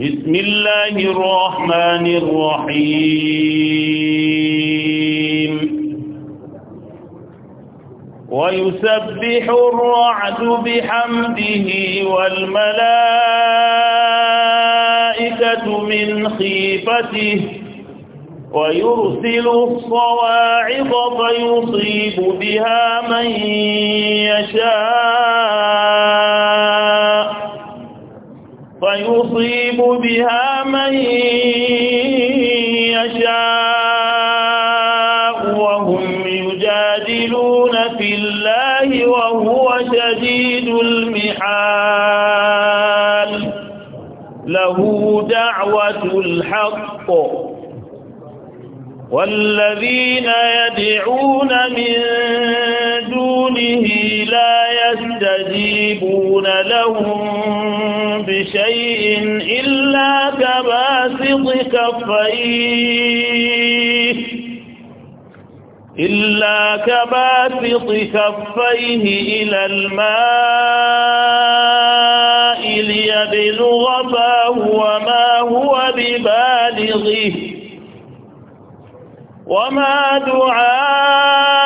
بسم الله الرحمن الرحيم ويسبح الرعد بحمده والملائكة من خيفته ويرسل الصواعق فيصيب بها من يشاء يصيب بها من يشاء وهم يجادلون في الله وهو شديد المحال له دعوة الحق والذين يدعون من دونه لا يستجيبون لهم بشيء إلا كباسط كفيه إلا كباسط كفيه إلى الماء ليبلغ فاه وما هو ببالغه وما دعاه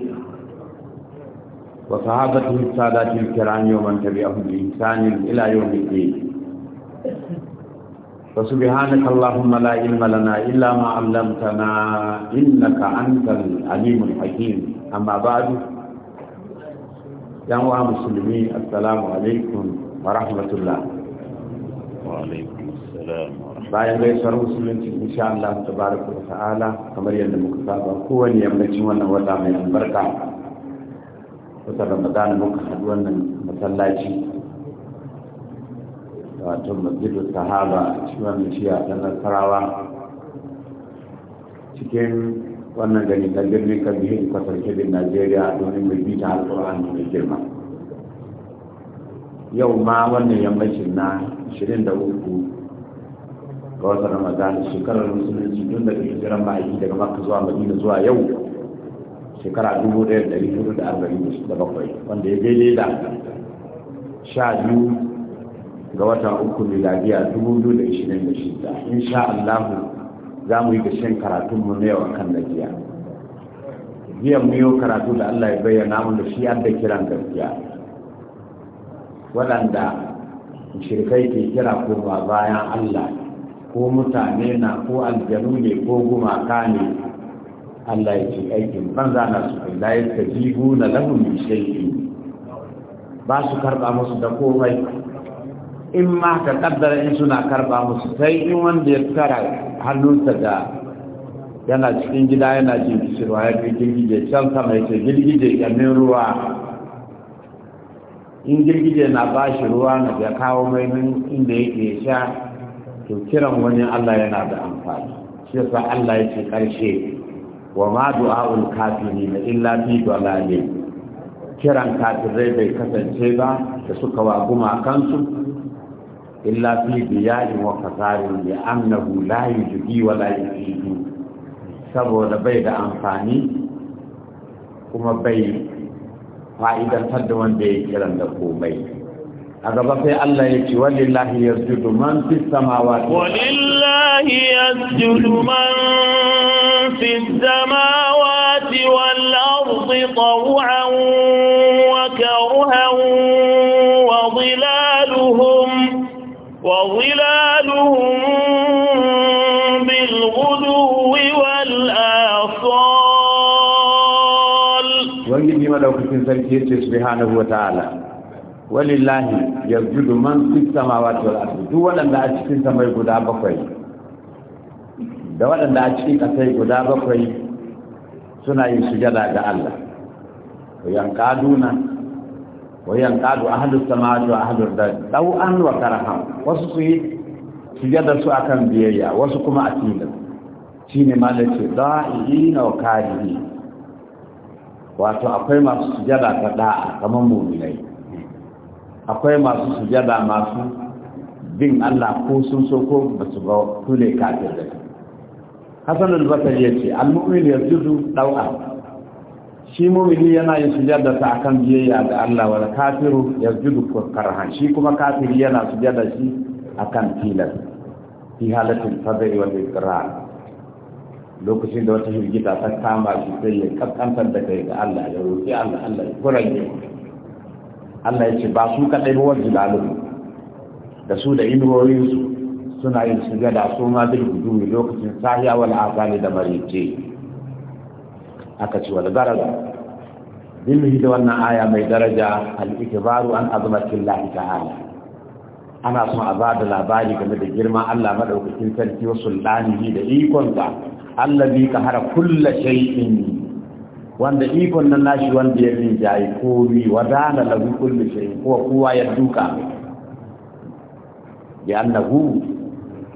وصحابته السادات الكرام ومن تبعهم بإحسان إلى يوم الدين فسبحانك اللهم لا علم لنا إلا ما علمتنا إنك أنت العليم الحكيم أما بعد يا مسلمين السلام عليكم ورحمة الله وعليكم السلام bayan gaisuwar musulunci insha Allah tabaraka wa ta'ala kamar yadda muka saba kowane yammacin wannan wata mai albarka watan ramadan muka haɗu wannan masallaci wato masjidu sahaba ciwon wannan shi a nasarawa cikin wannan gani ta birnin kan da kwasar kebin najeriya domin mai ta alƙur'ani mai girma yau ma wannan yammacin na 23 ga watan ramadan shekarar musulunci tun da ke jiran ma'aiki daga maka zuwa madina zuwa yau shekara dubu ɗaya da hudu da arba'in da bakwai wanda ya daidai da sha biyu ga watan uku miladiya dubu biyu da ishirin da shida sha Allah za mu yi gashin karatunmu na yau kan najiya jiya mu yi karatu da Allah ya bayyana mu da shi yadda kiran gaskiya waɗanda shirkai ke kira ko ba bayan Allah ko mutane na ko aljanu ne ko gumaka ne Allah ya ce aikin banza na su kai layar ta jibu na lahumin shaiki ba su karɓa musu da komai in ma ka kaddara in suna karba musu sai in wanda ya tara hannunsa da yana cikin gida yana jin kishirwa ya fi girgije can sama ya ce girgije ruwa in girgije na ba shi ruwa na ya kawo mai nan inda yake sha to kiran wani Allah yana da amfani shi yasa Allah ya ce ƙarshe wa ma du'a'ul kafirin illa fi dalalin kiran kafirai bai kasance ba da suka wa gumakansu illa fi biyayin wa fasarin ya annahu la yujdi wa la saboda bai da amfani kuma bai fa'idantar da wanda ya kiran da komai a gaba sai Allah ya ce walillahi yasjudu man fis samawati walillahi yasjudu man في السماوات والأرض طوعا وكرها وظلالهم وظلالهم بالغدو والآصال لو كنت سلكية سبحانه وتعالى ولله yanzu من في السماوات والأرض دولا لا wanda a cikin da waɗanda a cikin ƙasai guda bakwai suna yin sujada ga Allah wayan kaduna wayan kadu hadu sama wa a hadu da ɗau'an wa karaha wasu su yi sujada su akan biyayya wasu kuma a tilin shine malace na wa ne wato akwai masu sujada ta da'a kamar mu'minai akwai masu sujada masu bin Allah ko sun so ko basu ba kule kafin da hasan al-basri yace al-mu'min yasjudu daw'a shi mu'mini yana yin sujada ta akan biyayya ga Allah wal kafiru yasjudu karhan shi kuma kafiri yana sujada shi akan tilal fi halatin fadai wal ikrar lokacin da wata hirgita ta kama shi sai ya kaskantar da kai ga Allah ya roƙi Allah Allah ya ne Allah ya ce ba su kaɗai ba wajen da su da inuwoyinsu suna yin sujada su ma bil wujudi lokacin sahiya wal azali da marice aka ce wal garaza da wannan aya mai daraja al ikbaru an azmatillahi ta'ala ana son a bada labari game da girma Allah madaukakin sarki wa sultanihi da ikon Allah bi ka hara kulla shay'in wanda ikon nan nashi wanda ya rinjaye komi wadana lahu kullu shay'in kowa kowa ya duka Ya annahu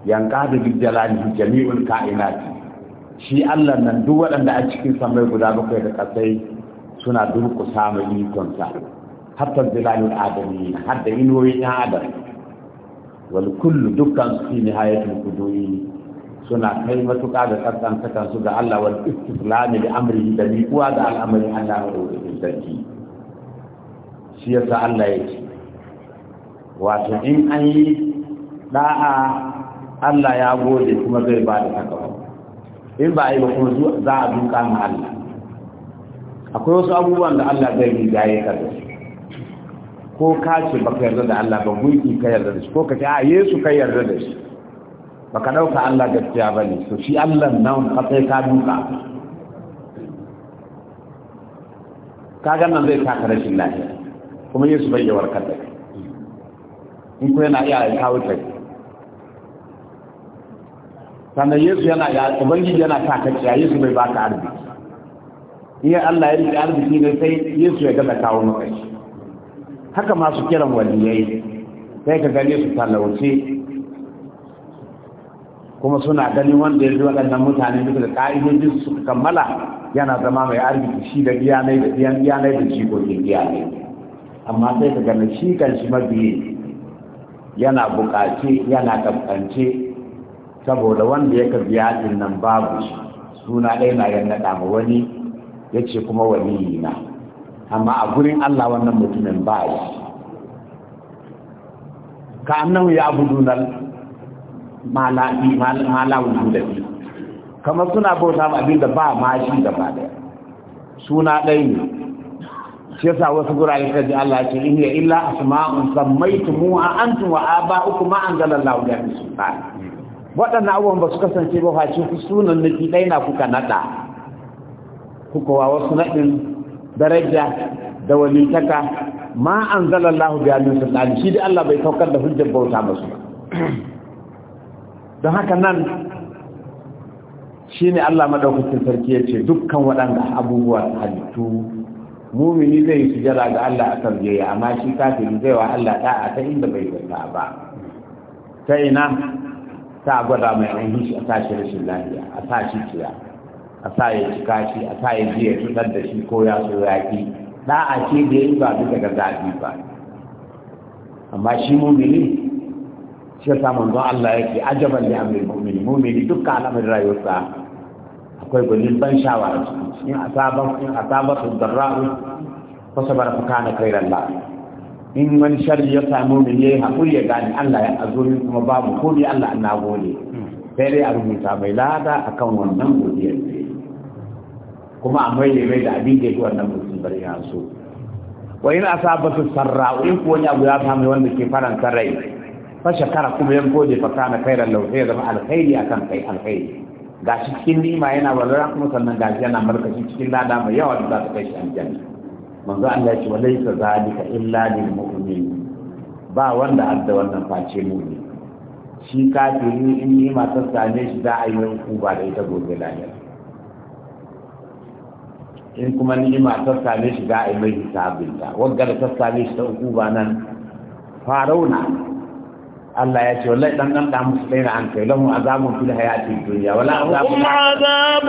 yanka da duk jalali jami'ul kainati shi Allah nan duk waɗanda a cikin samai guda bakwai da kasai suna durƙusa ikon ikonsa hatta zilalul adami hatta da inuwoyi adam wal kullu dukkan su fi nihayatul quduri suna kai matuƙa da tsantsan kansu ga Allah wal istislami da amri da miƙuwa da al'amari Allah da wajen sarki shi yasa Allah ya ce wato in an yi da'a Allah ya gode kuma zai ba da ba in ba yi ba kuma za a duka ma Allah akwai wasu abubuwan da Allah zai yi ya da shi. ko ka ce ka yarda da Allah ba gunki ka yarda da shi ko ka ce a Yesu ka yarda da shi Ba ka dauka Allah gaskiya ne to shi Allah nan ka sai ka duka kagan nan zai taka rashin lafiya kuma Yesu bai yi warkar da kai in ku yana iya kawo kai sannan yesu yana ya ubangiji yana sa ka ya yesu bai baka arziki iya Allah ya rike arziki ne sai yesu ya gada kawo maka shi haka masu kiran waliyai sai ka gane su talauce kuma suna ganin wanda ya ji waɗannan mutane duka da ƙa'idojin su kammala yana zama mai arziki shi da iyanai da iyan iyanai da jikokin iyanai amma sai ka gane shi kan shi mabiyi yana buƙace yana ƙafƙance. saboda wanda ya biya din nan babu shi suna ɗaya na yan naɗa ma wani ya ce kuma waliyi na amma a gurin Allah wannan mutumin ba ya ka annahu ya abudu nan mala'i mala'u da kama kamar suna bauta ma abin da ba ma shi da ba ɗaya suna ɗaya ne shi yasa wasu gurare kaji Allah ce in ya illa asma'un a antum wa aba'ukum ma anzalallahu bihi min sultan waɗannan abubuwan ba su kasance ba haci ku sunan na ɗai na kuka naɗa kuka wa wasu naɗin daraja da walitaka ma an zala Allah biya min shi da Allah bai saukar da hujjar bauta masu ba don haka nan shi ne Allah madaukakin sarki ya ce dukkan waɗanda abubuwa halittu mumini zai yi sujada ga Allah a sarjaya amma shi kafin zai wa Allah da'a ta inda bai zata ba ta ina sa gwada mai ainihin shi a sa shi rashin lafiya a sa shi ciya a sa ya cika shi a sa ya ji ya cutar da shi ko ya so ya ki da'a ce da yi ba bisa ga zaɓi ba amma shi mumini shi ya samun don Allah ya yake ajaban da amir mumini mumini dukkan al'amarin rayuwarsa akwai gwanin ban shawara cikin in sabon in sabon su darra'u fa sabara fuka na kairan lafiya. in wani shari ya samu min yayi hakuri ya gane Allah ya azuri kuma babu ko bi Allah na gode sai dai a rubuta mai lada akan wannan godiyar da kuma a mai mai da abin da yake wannan bari ya so wa in asabatu sarra in kuwa wani abu ya mai wanda ke faranta rai fa shakara kuma yan gode fa kana da law ya zama alkhairi akan kai alkhairi gashi cikin nima yana walwala kuma sannan gashi yana markashi cikin lada mai yawa da za ta kai shi aljanna manzo Allah ya ce walaysa zalika illa lil mu'min ba wanda adda wannan face mu'min shi kafiri in ni ma ta same shi za a yi ba da ita gobe lahira in kuma ma ta same shi za a yi mai hisabinta Wanda da ta same shi ta uku ba nan farauna الله يأتي والله يتنقم دعم مسلمين عنك لهم عذاب في الحياة الدنيا ولا عذاب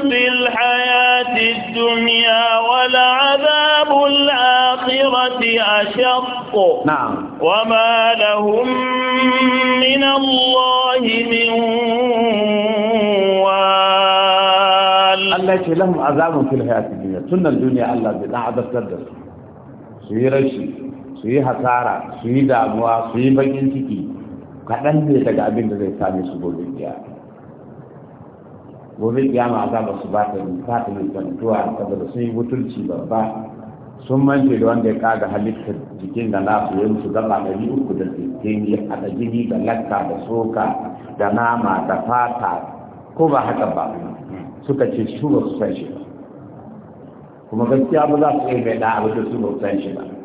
في الحياة الدنيا ولا عذاب الآخرة أشق نعم وما لهم من الله من وال الله يأتي لهم عذاب في الحياة الدنيا سنة الدنيا الله لا عذاب تدر سيرا شيء su yi hasara su yi damuwa su yi bakin ciki kaɗan ne daga abin da zai same su gobe biya gobe ma za ba su bata ta nisantuwa saboda sun yi mutunci babba sun manke da wanda ya kaga halittar jikin da su yanzu, su gaba ɗari uku da sittin ya haɗa jini da lakka da soka da nama da fata ko ba haka ba suka ce su ba su san shi ba kuma gaskiya ba za su iya mai ɗa abin da su ba su san shi ba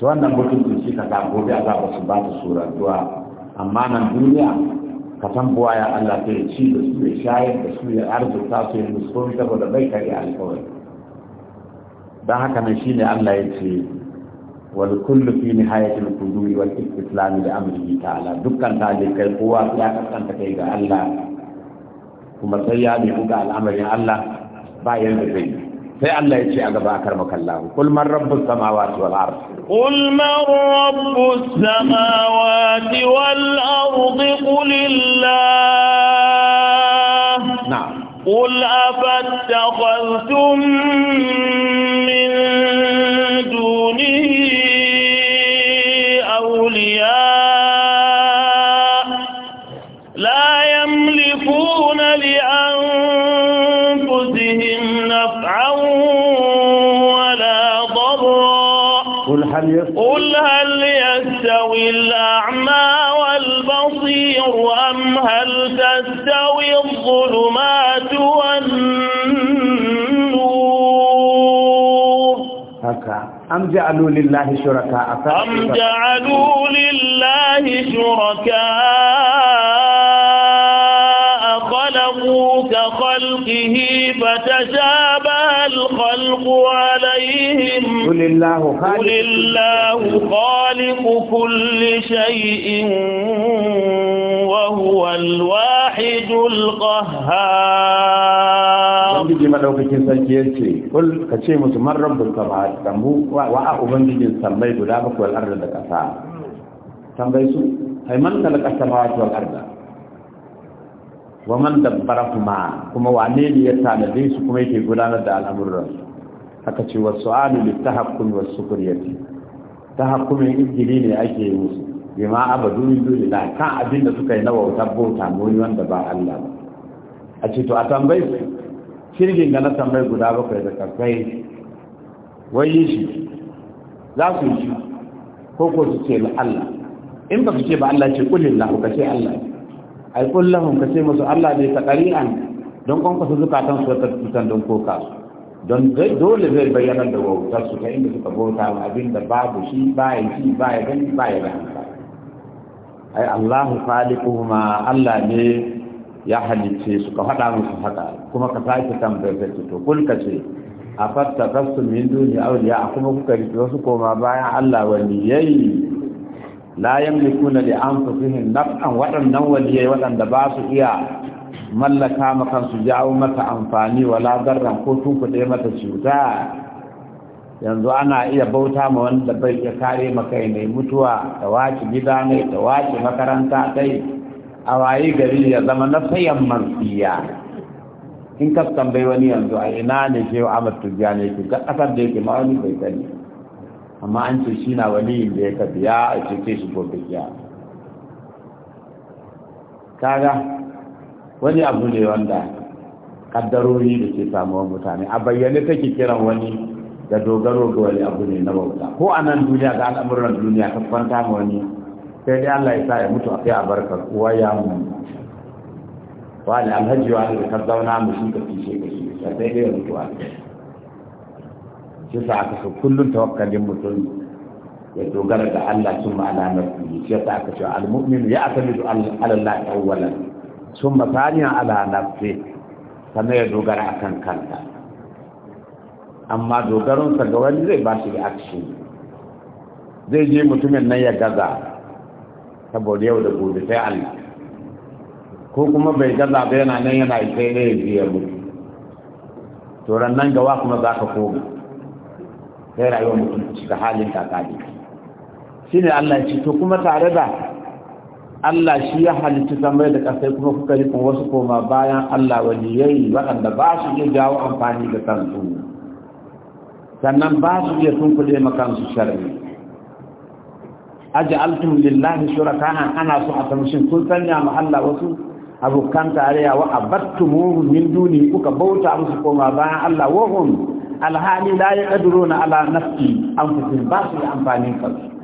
ta wannan mutuncin shi ka gobe a zaɓa su ba ta suratuwa amma nan duniya ka tambuwa ya Allah ta yi ci da su ya shayar da su ya arzuta su ya musulun saboda bai kare alkawari don haka nan shine Allah ya ce wal kullu fi nihayatil quduri wal istislam li amrihi ta'ala dukkan talikai kowa ya kasanta kai ga Allah kuma sai ya bi ga al'amarin Allah ba yanda zai yi في الله يشي عند راكرمك الله قل من رب السماوات والأرض قل من رب السماوات والأرض قل الله نعم قل أفتخذتم تستوي الأعمى والبصير أم هل تستوي الظلمات والنور هكا أم جعلوا لله شركاء أم جعلوا لله شركاء خلقوا كخلقه فتشابه الخلق عليهم قل الله خالق خالق كل شيء وهو الواحد القهار ubangiji madaukakin sarki ya ce kul ka ce musu man rabbul sama tambu wa a ubangijin sammai guda bakwai al'arda da kasa tambayi su ai man talaka samawati wal arda wa man dabbarahuma kuma wane ne ya tanade su kuma yake gudanar da al'amuran haka ce wasu wasu ta hakumin injili ne ake yi musu bima abadu min dunillah kan abin da suka yi na wauta bauta muni wanda ba Allah ba a ce to a tambayi su shirgin da na tambayi guda bakwai da kafai wai shi za su yi ko ko su ce Allah in ba su ce ba Allah ce kulillahu ka ce Allah ai kullahum ka ce musu Allah ne ta qari'an don kon ka su zukatan su ta tutan don koka su don dole zai bayyana da wautar su ta inda suka bauta wa abin da babu shi baya shi baya gani baya da ai Allahu khaliquhuma Allah ne ya halice su ka faɗa musu haka kuma ka sake tambayar ta to kul ka ce a fatta kasu min duni awliya kuma kuka rike wasu koma bayan Allah wani yayi la yamlikuna li anfusihim naf'an waɗannan waliyai waɗanda ba su iya mallaka ma su jawo mata amfani wala darran ko tunkuɗe mata cuta yanzu ana iya bauta ma wanda bai iya kare makai ne mutuwa ta wace gida ne ta wace makaranta dai a waye gari ya zama na sayan mansiya in ka tambayi wani yanzu a ina ne ke Tujiya ne. yake ga kasar da yake ma wani bai gani. amma an ce shi na waliyin da ya kabiya a cece shi gobe kiya kaga wani abu ne wanda kaddarori da ke samuwar mutane a bayyane take kiran wani da dogaro ga wani abu ne na bauta ko a nan duniya ga al'amuran duniya ta kwanta ma wani sai dai Allah ya sa ya mutu a kai a barka kuwa ya mu ne alhaji wani da kan zauna mu shi ka fishe ka shi sai dai ya mutu a kai shi sa aka so kullum tawakkalin mutum ya dogara ga Allah sun ma'ana na kuli shi ya sa aka ce al-mu'minu ya asali da Allah awwalan sun masaniya ala nafsi sannan ya dogara a kan kanta amma dogaronsa ga wani zai ba shi da akshi zai je mutumin nan ya gaza saboda yau da gobe sai Allah ko kuma bai gaza ba yana nan yana sai ne ya biya mutu to nan gawa kuma za ka koma sai rayuwar mutum cika halin kakali shi ne Allah ya ce to kuma tare da Allah shi ya halitta samar da kasai kuma kuka yi kuma wasu koma bayan Allah waliyai waɗanda ba su iya jawo amfani da kansu sannan ba su iya tunkuɗe makansu sharri aji altun lillahi shurakana ana so a tamshin kun sanya ma Allah wasu abokan tarayya wa abattumuhum min duni kuka bauta musu koma bayan Allah wa hum alhali la yaqdiruna ala nafsi anfusihim ba su amfani kansu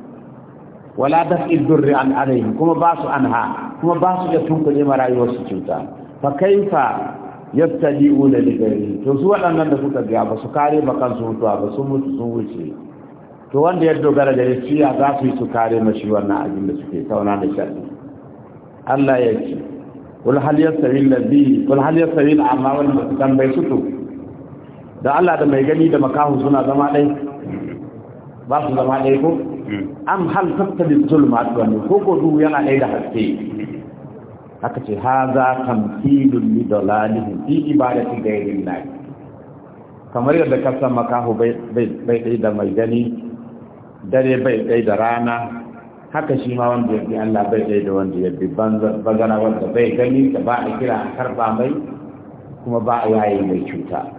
wala daf'il durri an alaihim kuma ba su anha kuma ba su da tunkule ma rayuwar su cuta fa kaifa yabtadi'una li ghairi to su waɗannan da suka ga ba su kare ba kansu mutuwa ba sun mutu sun wuce to wanda ya dogara da shi ya za su yi su kare mashi wannan abin da suke tauna da sharri Allah ya ce wal hal yastawi alladhi wal hal yastawi al'ama wal mutakan bai sutu da Allah da mai gani da makahu suna zama ɗai ba su zama ɗai ko am hal tattabi zulma wani ko ko du yana ɗaya da haske haka ce haza tamthilun li dalalihim fi ibadati ghayrin na. kamar yadda ka makahu bai ɗai da mai gani dare bai ɗai da rana haka shi ma wanda ya Allah bai ɗai da wanda ya bi bazana wanda bai gani da ba a kira a karɓa mai kuma ba a yayi mai cuta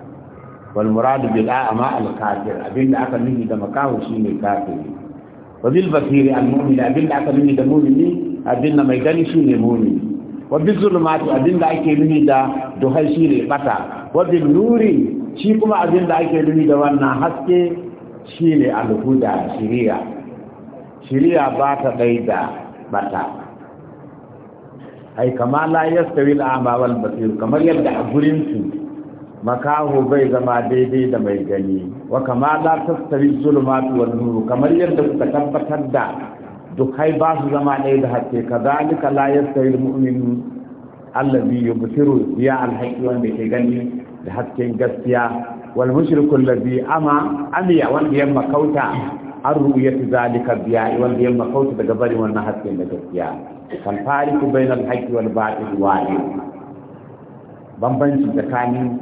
wal muradu bil a'ma al kafir abinda aka nufi da makahu shine kafiri wa bil basiri al mu'min aka nuni da mu'mini abin da mai gani shine mu'mini wa bil zulumati abin da ake nuni da duhai shine bata wa bil nuri shi kuma abin ake nuni da wannan haske shine al huda shiriya shiriya ba ta daida bata ai kama la yastawi al'ama wal basir kamar yadda a gurin su makaho bai zama daidai da mai gani wa kama la tastawi zulumatu wan nur kamar yadda kuka tabbatar da dukai ba su zama ɗaya da haske kazalika la yastawi almu'min allazi yubsiru ya alhaqi wanda ke gani da hasken gaskiya wal mushriku allazi ama amiya wanda ya makauta an ru'yati zalika biya wanda ya makauta daga bari wannan hasken da gaskiya kan fariku bainal haqqi wal batil wahid bambanci tsakanin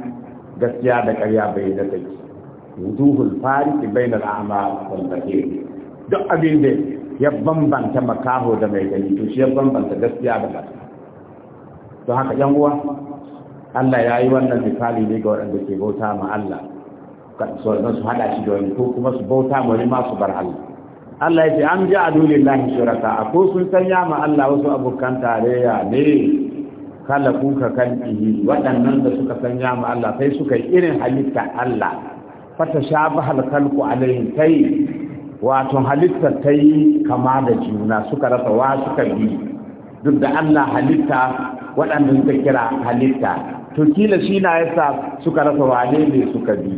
gaskiya da ƙarya bai da take wuduhul fariki bainal a'ma wal basir duk abin da ya bambanta makaho da mai gani to shi ya bambanta gaskiya da gaskiya to haka yan uwa Allah ya yi wannan misali ne ga waɗanda ke bauta ma Allah su haɗa shi da wani ko kuma su bauta ma wani ma su bar Allah Allah ya ce an ji a dole lahi shuraka a ko sun sanya ma Allah wasu abokan tarayya ne kala kuka kan ihi waɗannan da suka sanya ma Allah sai suka yi irin halitta Allah fata shabaha alkalku alaihim kai wato halitta ta yi kama da juna suka rasa wa suka bi duk da Allah halitta waɗanda suka kira halitta to kila shi na yasa suka rasa wane ne suka bi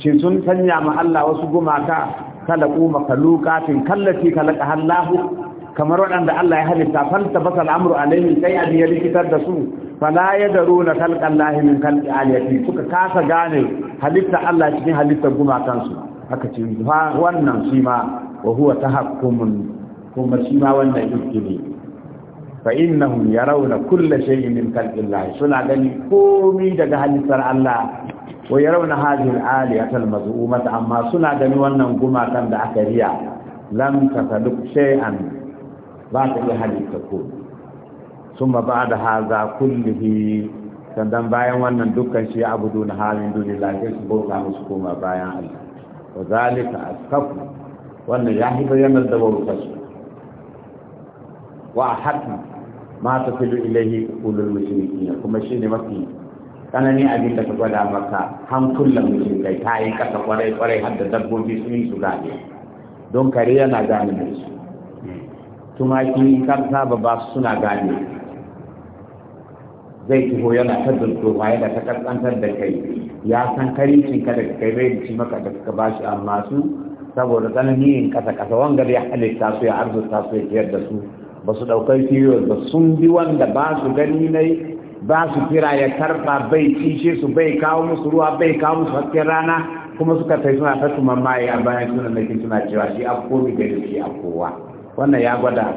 shin sun sanya ma Allah wasu gumaka kalaku makalukatin kallati kalaka Allahu kamar waɗanda Allah ya halitta falta basal amru alaihim sai abin ya likitar da su fala ya daro na kalkan lahi min kalki aliyati suka kasa gane halitta Allah cikin halittar gumakansu haka ce wannan shi ma wa huwa tahakkumun kuma shi ma wannan iskili fa innahum yarawna kulla shay'in min kalki lahi suna gani komai daga halittar Allah wa yarawna hadhihi al-aliyata al-maz'umata amma suna gani wannan gumakan da aka riya lam tasaduq shay'an ba ta iya halitta ko sun ba da haza kullihi sandan bayan wannan dukkan shi abu duna halin duni lafi su bauta musu koma bayan Allah wa zalika askafu wannan ya fi bayanar da bauta su wa hatta ma ta filu ilahi ulul mushrikin kuma shi ne mafi tsanani abin da ka gwada maka hankulan mutum kai ta yi kasa kwarai kwarai har da dabbobi sun yi su gane don kare yana gane mai su tumaki kan saba ba su suna gane zai taho yana ta durdurwa yana ta kaskantar da kai ya san karicin ka da kai bai ci maka da ba bashi amma su saboda tsananin kasa kasa wanga ya halitta su ya arzuta su ya ciyar da su ba su ɗaukar kiyo ba sun bi wanda ba su gani ne ba su kira ya karba bai kishe su bai kawo musu ruwa bai kawo musu hasken rana kuma suka kai suna ta tuman a bayan suna nakin suna cewa shi a komi gari shi a kowa wannan ya gwada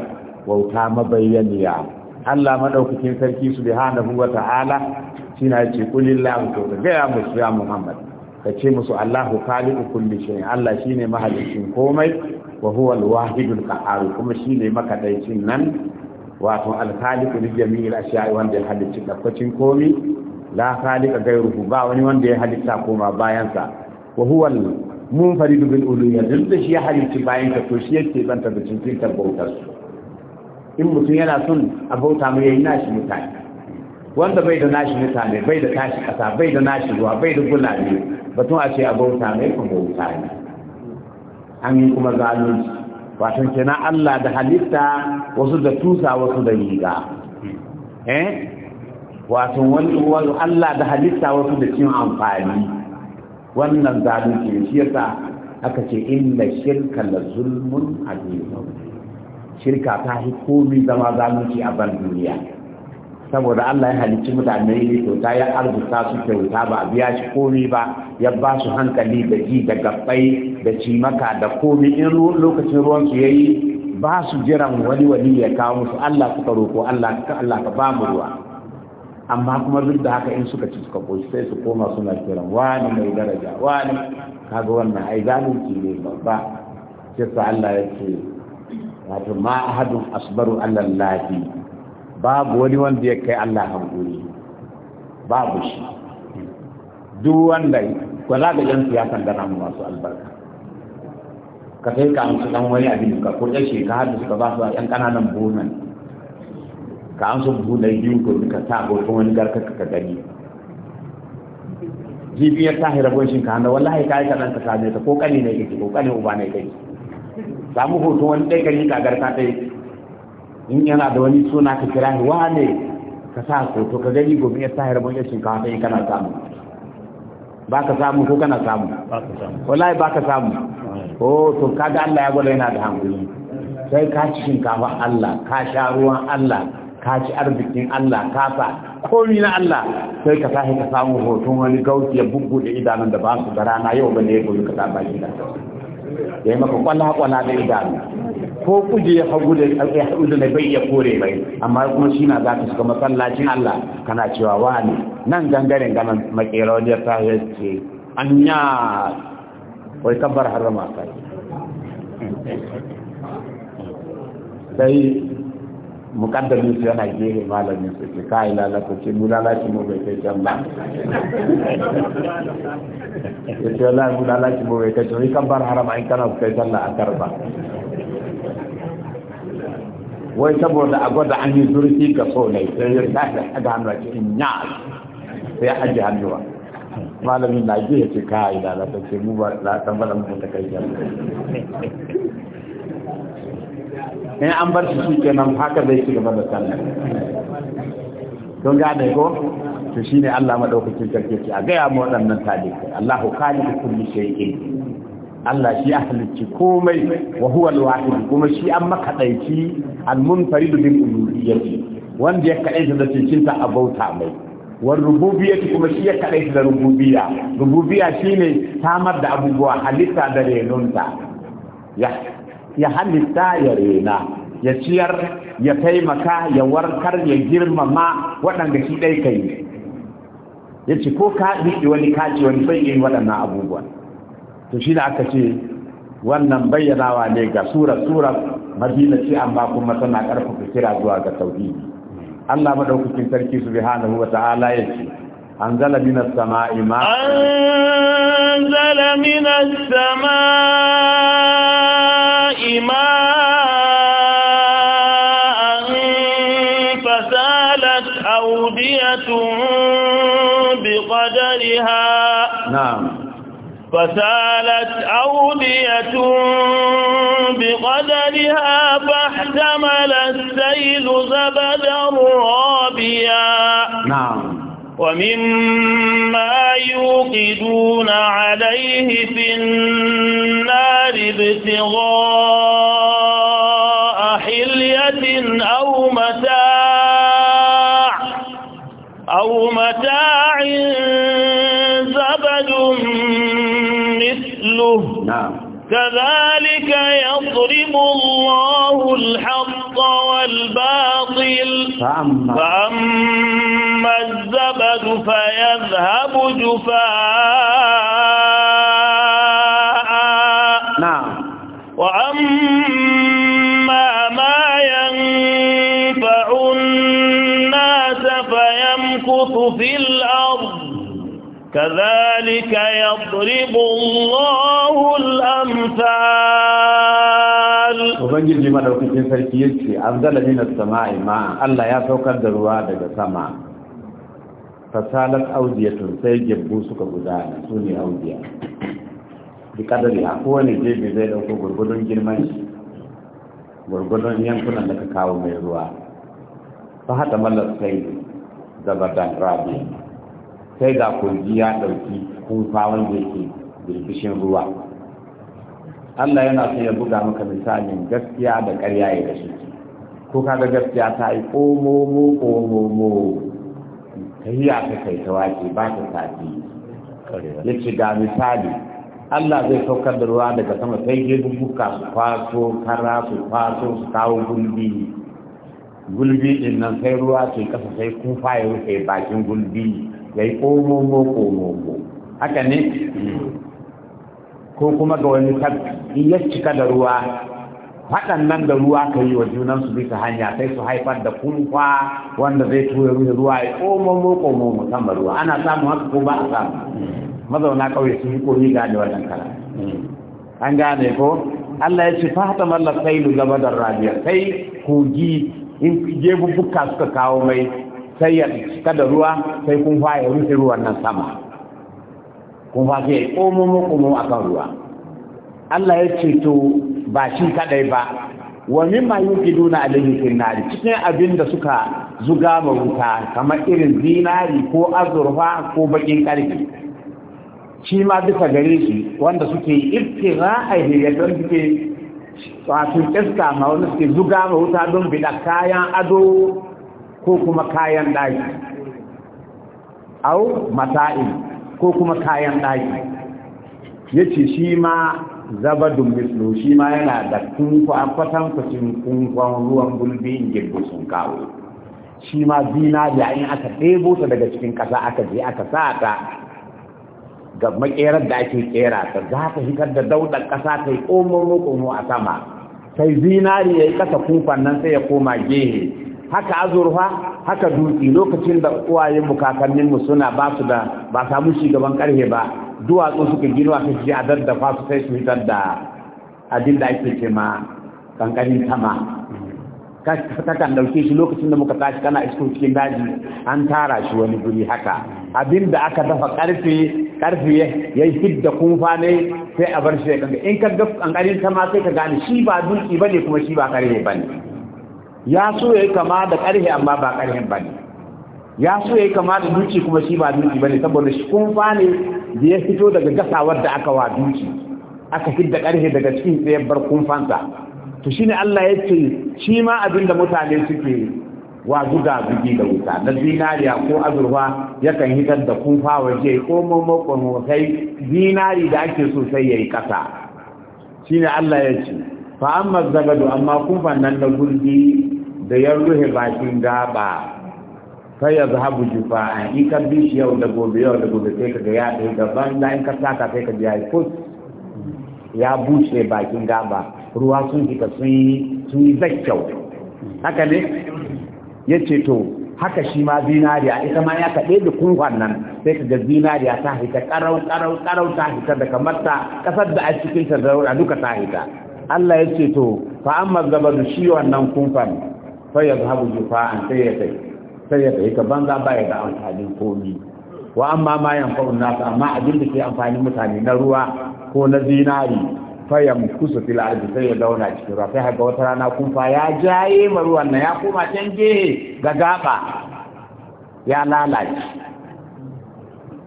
wauta mabayyaniya Allah madaukakin sarki subhanahu ta'ala shine ya ce kulillahu to ga ya musu ya Muhammad ka ce musu Allahu khaliqu kulli shay Allah shine mahalicin komai wa huwa al-wahidul qahhar kuma shine makadaicin nan wato al-khaliqu li jami'il ashya'i wanda ya halicci dakwacin komai la khaliqa ghayruhu ba wani wanda ya halitta koma bayansa wa huwa mun faridu bin uluhiyya duk da shi ya halitta bayan ka to shi yake banta da cikin bautar su in mutum yana son a bauta mai yayi nashi mutane wanda bai da nashi mutane bai da tashi kasa bai da nashi ruwa bai da gulabe batun a ce a bauta mai kuma bauta ne an yi kuma zalunci watan kenan Allah da halitta wasu da tusa wasu da yiga eh wato wani Allah da halitta wasu da cin amfani wannan zalunci ne shi yasa aka ce inna shirka la zulmun azim shirka ta yi komai zama zalunci a ban duniya saboda Allah ya halicci mutane ne to ta ya arzuta su wuta ba a biya shi komai ba ya ba su hankali da ji da gabbai da cimaka da komai in lokacin ruwan su yayi ba su jiran wani wani ya kawo musu Allah suka roko Allah ka Allah ka ba mu ruwa amma kuma duk da haka in suka ci suka koshi sai su koma suna kiran wani mai daraja wani kaga wannan ai zalunci ne babba sai sa Allah ya ce wato ma ahadun asbaru Allah lafi babu wani wanda ya kai Allah hankuri babu shi duk wanda ko za ka yan ya da namu masu albarka ka kai ka amsa dan wani abin ka ko yace ka hadu suka ba su yan ƙananan bonan ka an sun buhu biyu biyun ko ka a abokin wani garka ka gani jibiyar ta hira gwanshin ka hannu wallahi ka yi kaɗan ka same ta ko ƙani ne kake ko ƙani uba ne kai." samu hoton wani ɗai kan yi garka ka ɗai in yana da wani suna ka kira shi wane ka sa to, ka gani gobe ya sa hira gwanshin ka hannu kana samu ba ka samu ko kana samu wallahi ba ka samu oh to kaga Allah ya gwada yana da hankali sai ka cikin shinkafa Allah ka sha ruwan Allah ka ci arzikin Allah ka sa komi na Allah sai ka sahi ka samu hoton wani gauti ya da idanun da ba su da rana yau ba ne ya goyi ka sa shi da ya yi maka kwallon da idanu ko kuje ya hagu da ya hagu bai ya kore bai amma kuma shi na za ka shiga masallacin Allah kana cewa wani nan gangaren ganin makera wani ya sahi ce anya wai kabbar harama sai mukaddamin su yana gere malamin su ke kai lalata ce mu lalaci mu bai kai can ba ya ce wallahi mu lalaci mu bai kai can kan bar harama in kana kai sallah a karba wai saboda a gwada an yi zurfi ka so ne sai ya tashi a hannu a cikin ya sai ya ajiye hannuwa malamin na gere ce kai lalata ce mu ba la san ba mu ta kai can in an bar shi shi kenan haka zai ci gaba da sallah don gane ko to shine Allah madaukakin sarki ce a gaya mu waɗannan talibai Allahu khaliqu kulli shay'in Allah shi ya halicci komai wa huwa al-wahid kuma shi an daiki al-munfarid bil uluhiyyah wanda ya kadaita da cincinta a bauta mai war rububiyyati kuma shi ya kadaita da rububiyya rububiyya shine samar da abubuwa halitta da renunta ya ya halitta ya rena ya ciyar ya taimaka ya warkar ya girmama waɗanda shi ɗai kai ya ce ko ka riƙe wani kaci wani sai in waɗannan abubuwan to shi da aka ce wannan bayyanawa ne ga sura sura madina ce amma kuma tana ƙarfafa kira zuwa ga tauhidi Allah madaukakin sarki subhanahu wa ta'ala ce anzala minas sama'i ma anzala minas sama'i ما فسالت أودية بقدرها نعم فسالت أودية بقدرها فاحتمل السيل زبدا رابيا نعم ومما يوقدون عليه في النار ابتغاء حلية أو متاع أو متاع زبد مثله نعم كذلك يضرب الله الحق والباطل فأما, فأما فيذهب جفاء نعم وأما ما ينفع الناس فيمكث في الأرض كذلك يضرب الله الأمثال وبنجي ما لو كنت سركي يلتي أفضل من السماء ما الله يفوق سوكر دروا fasalan audiyatun sai gyabbu suka gudana su ne audiya bi kadari a kowane jirgin zai dauko gurgudun girman shi gurgudun yankunan da ka kawo mai ruwa ta hada mallar sai zabadan rabi sai ga kogi ya dauki kumfa wanda yake ruwa Allah yana son ya buga maka misalin gaskiya da ƙarya ya kashe ko ga gaskiya ta yi komo komo tahiya ka kai ta waƙe ba ta sati ya ce ga misali Allah zai saukar da ruwa daga sama sai ke buka su kwaso kara su kwaso su kawo gulbi gulbi din nan sai ruwa ce kasa sai kufa ya rufe bakin gulbi ya yi komomo komomo haka ne ko kuma ga wani tabbi in ya cika da ruwa waɗannan da ruwa ka yi wa junansu bisa hanya sai su haifar da kumfa wanda zai tura ruwa ya komomo komomo sama ruwa ana samun haka ko ba a samu mazauna ƙauye sun yi koyi gane wannan kara an gane ko Allah ya ce fata mallar sai lu gaba da rabiya sai kogi in buka suka kawo mai sai ya cika da ruwa sai kumfa ya rufe ruwan nan sama kumfa sai ya komomo komomo akan ruwa Allah ya ce to ba shi kadai ba wa mimma yuqiduna alayhi fil cikin abin da suka zuga ma wuta kamar irin zinari ko azurfa ko bakin karfi shi ma bisa gare shi wanda suke iftira a don suke wato iska ma wanda suke zuga ma wuta don bida kayan ado ko kuma kayan ɗaki au mata'in ko kuma kayan ɗaki yace shi ma zabadun mislu shi ma yana da kunkwa kwatan kucin kunkwan ruwan gulbi in girbi sun kawo shi ma da in aka ɗebo ta daga cikin ƙasa aka je aka sa ta ga makerar da ake kera ta za ta hitar da daudar ƙasa ta yi komo a sama sai zinari ya yi ƙasa kunkwan nan sai ya koma gehe haka azurfa haka dutse lokacin da bukakannin mu suna ba su da ba samu gaban karhe ba duwatsu suka gino a kashi a da su sai su hitar da abin da ake ce ma kankanin sama kakan dauke shi lokacin da muka tashi kana isko cikin daji an tara shi wani guri haka abin da aka dafa karfe karfe ya hidda kumfa ne sai a bar shi ya kanka in ka ga kankanin sama sai ka gane shi ba dulki bane kuma shi ba karfe bane ya so yayi kama da karfe amma ba karfe bane ya so ya yi kama da duki kuma shi ba duki ba ne saboda shi kumfa ne da ya fito daga gasawar da aka wa duki aka hidda ƙarfe daga cikin tsayar bar kumfansa to shi ne Allah ya ce shi ma abin da mutane suke wa zuga gudi da wuta na zinariya ko azurfa yakan hitar da kumfa waje ko mamakon sai zinari da ake so sai ya yi ƙasa shi ne Allah ya ce fa amma zagado amma kumfan nan na gurbi da ya ruhe bakin gaba sai ya zahabu jufa a ka bi shi yau da gobe yau da gobe sai ka ga ya ɗaya gaban da in ka saka sai ka ji ya kus ya bushe bakin gaba ruwa sun fita sun yi sun yi zakkau haka ne ya ce to haka shi ma zinariya ita ma ya kaɗe da kunkwan nan sai ka ga zinariya ta hita karau karau karau ta hita da kamar ta kasar da a cikin ta a duka ta hita Allah ya ce to fa amma da shi wannan kunfan fa jufa an sai ya kai sai ya kai ka banza baya da amfanin komi wa amma ma yanfa'un nas amma abin da ke amfani mutane na ruwa ko na zinari fayam kusa fil ardi sai ya dauna cikin ruwa sai haka wata rana kumfa ya jaye ma ruwan nan ya koma can ga gaba ya lalace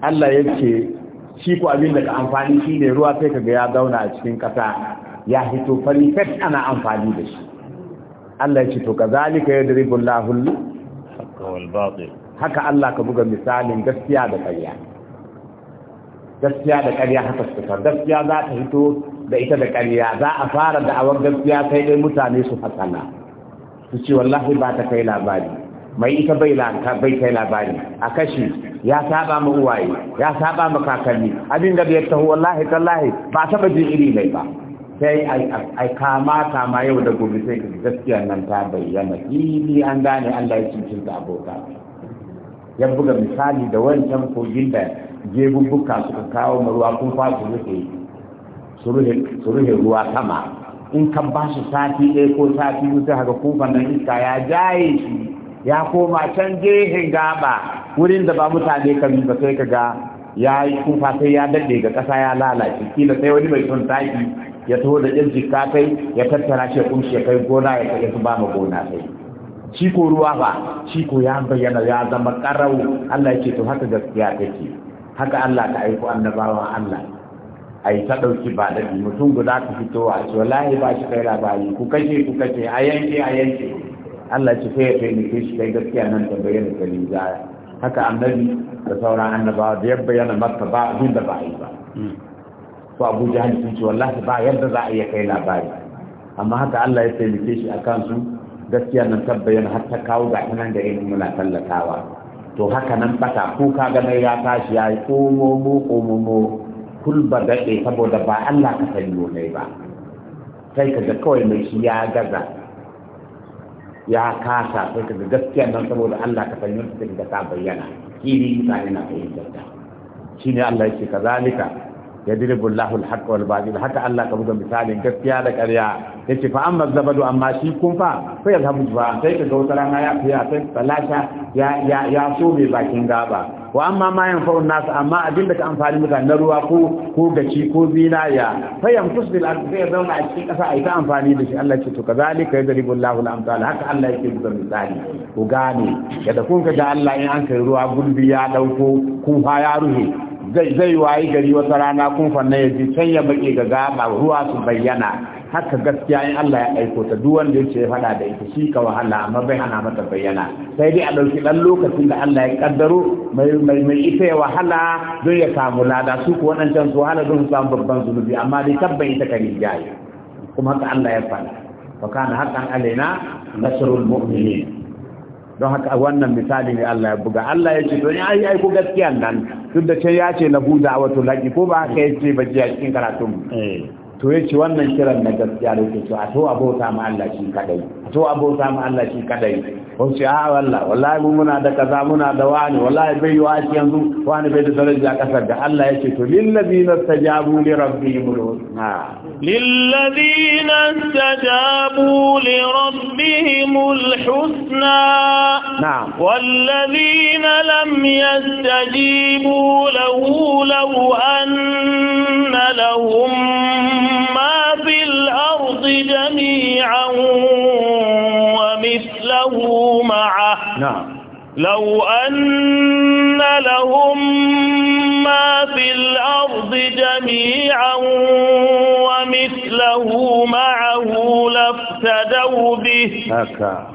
Allah yake shi ko abin da ka amfani shi ne ruwa sai ka ga ya zauna a cikin ƙasa ya hito fari ana amfani da shi Allah ya ce to kazalika yadribullahu haka Allah ka buga misalin gaskiya da ƙarya gaskiya da ƙarya haka suka gaskiya za ta hito da ita da ƙarya za a fara da awar gaskiya sai dai mutane su hasala su ce wallahi ba ta kai labari mai ita bai kai labari a kashi ya saba mu uwaye ya saba ma kakanni abin da bai taho wallahi tallahi ba taba jin iri mai ba sai ai kama kama yau da gobe sai ka gaskiya nan ta bayyana ili an gane Allah ya cincin ta aboka ya buga misali da wancan kogin da gebubbuka suka kawo ruwa kun fasu su rufe su ruwa sama in ka ba su sati ɗaya ko sati biyu haka kufan nan iska ya jaye shi ya koma can jehin gaba wurin da ba mutane kan ba sai ka ga ya yi kufa sai ya daɗe ga ƙasa ya lalace kila sai wani mai son taki ya taho da ɗin jikka kai ya tattara shi ya kumshi ya kai gona ya kai su ba ma gona kai shi ko ruwa ba shi ko ya bayyana ya zama karau Allah ya ce to haka gaskiya take haka Allah ta aiko annabawan Allah ai ta dauki ba da mutum guda ka fito a ce wallahi ba shi kai labari ku kashe ku kashe a yanke a yanke Allah ya ce sai ya taimake shi kai gaskiya nan ta bayyana kalin haka annabi da sauran annabawa da ya bayyana maka ba abin da ba yi ba hmm. ko Abuja jahal sun ce wallahi ba yadda za a iya kai labari amma haka Allah ya taimake shi a kansu gaskiya nan tabbayan har ta kawo ga nan da yin muna tallatawa to haka nan bata ko ka ga mai ya tashi ya yi komomo komomo kulba daɗe saboda ba Allah ka sani ne ba kai ka ga kawai mai shi ya gaza ya kasa sai ka ga gaskiya nan saboda Allah ka sani wata sai ka ta bayyana kiri mutane na fahimtar ta shine Allah yake kazalika yadribu Allahu al-haqqa wal batil haka Allah ka buga misalin gaskiya da ƙarya yace fa amma zabadu amma shi kun fa fa yadhabu fa sai ka ga wata rana ya fiya sai talasha ya ya ya so bakin gaba wa amma ma yanfa'u nasu amma abinda ka amfani muka na ruwa ko ko gaci ko zinaya fa yamkus bil ardi sai zauna a cikin kasa ai ta amfani da shi Allah ce to kazalika yadribu Allahu amsal haka Allah yake buga misali ku gane kada kun ga Allah in an kai ruwa gulbi ya dauko kufa ya ruhe zai wayi gari wata rana kun fanna ya ji can ya bake ga gaba ruwa su bayyana haka gaskiya in Allah ya aiko ta duk wanda yake ya fada da ita shi ka wahala amma bai hana mata bayyana sai dai a dauki dan lokacin da Allah ya kaddaro mai mai mai ita ya wahala don ya samu lada su ko wadancan su wahala don samu babban zunubi amma dai tabbai ita kan jayi kuma haka Allah ya fada wa kana haqqan alaina nasrul mu'minin don haka wannan misali ne Allah ya buga Allah ya ce don ni ai ai ko gaskiya nan duk da ce ya ce a da'watul haqi ko ba haka yace ba ji a cikin karatun eh to yace wannan kiran na gaskiya da yake cewa a to abota ma Allah shi kadai a to abota ma Allah shi kadai wasu ya wallah wallahi mun muna da kaza muna da wani wallahi bai yi wani yanzu wani bai da daraja kasar da Allah ya to lil ladina tajabu li rabbihim ha lil ladina tajabu li rabbihim al husna na'am wal ladina lam yastajibu lahu law anna lahum لو أن لهم ما في الأرض جميعا ومثله معه لافتدوا به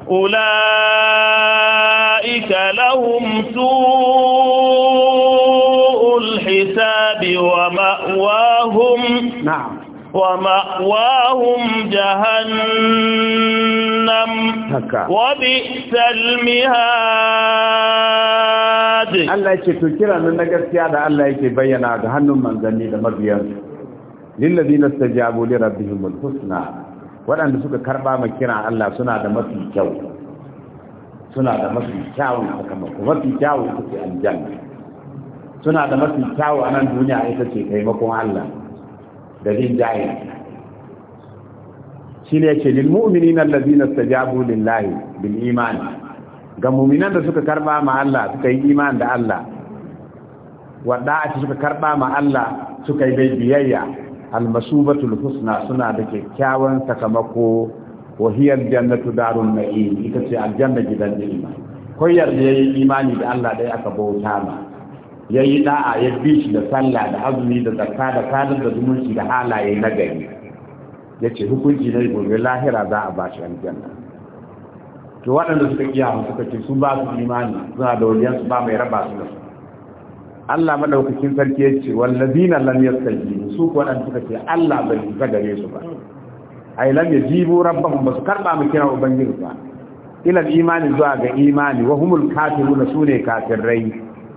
أولئك لهم سوء الحساب ومأواهم نعم ومأواهم جهنم جهنم وبئس المهاد Allah yake to kira nan na gaskiya da Allah yake bayyana ga hannun manzanni da mabiyan lillazina stajabu li rabbihimul husna waɗanda suka karba ma kira Allah suna da mafi kyau suna da mafi kyawun sakamako mafi kyawun ita aljanna suna da mafi kyawun a nan duniya ita ce taimakon Allah da jin jayin shine yake lil mu'minina allazina istajabu lillahi bil iman ga mu'minan da suka karba ma Allah suka yi iman da Allah wadda suka karba ma Allah suka yi biyayya almasubatul husna suna da kyakkyawan sakamako wa hiya aljannatu darun na'im ita ce aljanna gidan ni'ima koyar da yayi imani da Allah dai aka bauta ma yayi da'a ya bi shi da sallah da azumi da zakka da kadar da zumunci da halaye na gari ya ce hukunci na gobe lahira za a ba shi aljanna to waɗanda suka iya suka ce sun ba su imani suna da waliyan su ba mai raba su da su Allah madaukakin sarki ya ce wallazina lam yastajibu su ko waɗanda suka ce Allah bai isa gare su ba ai lam yajibu rabbahum su karba mu kira ubangiji ba ila imani zuwa ga imani wa humul kafiruna sune kafirai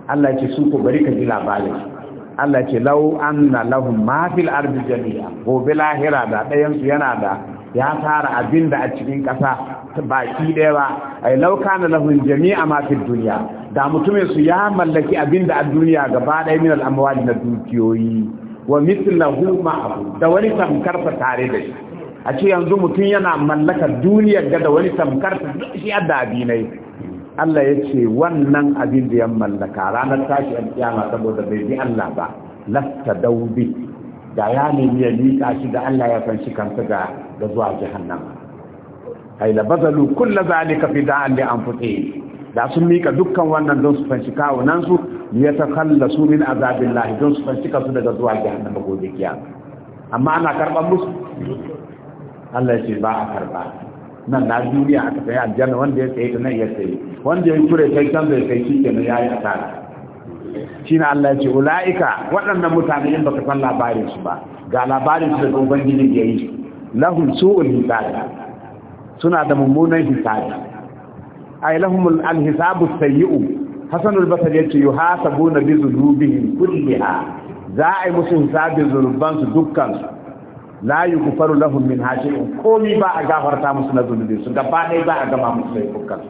Allah ya ce su ko bari ka ji labarin Allah ce lau an na lahun mafil jami'a gobe lahira da ɗayansu yana da ya tara abin da a cikin ƙasa baki ɗaya ba a yi lauka na Lahun jami'a ma duniya da mutumin su ya mallaki abin da a duniya gaba ɗaya min al'amwali na dukiyoyi wa mithlahu ma'abu da wani tamkarsa tare da shi a ce yanzu mutum yana mallakar duniyar ga da wani tamkarsa duk shi na yi. Allah ya ce wannan abin da ya mallaka ranar tashi kiyama saboda bai bi Allah ba lasta daubi da ya nemi ya miƙa shi da Allah ya san shi kansa ga da zuwa jahannam ai la bazalu kull zalika fi da'an li anfusihim da sun mika dukkan wannan don su fanci nan su ya takhallasu min azabillah don su fanci kansu daga zuwa jahannam gobe kiyama amma ana karban musu Allah ya ce ba a karba nan na duniya aka sai aljanna wanda ya sayi nan ya sayi wanda ya kure sai can zai sai shi na yayi asara shine Allah ya ce ulaika waɗannan mutane in baka san labarin su ba ga labarin su da ubangiji ya yi lahum su'ul hisab suna da mummunan hisabi ay lahumul al sayyi'u hasan al-basri yace yuhasabuna bi dhunubihim kulliha za a yi musu hisabin zunubansu dukkansu la yughfaru lahum min hashi'in komi ba a gafarta musu na zunubi su gaba ɗaya ba a gama musu mai fukkan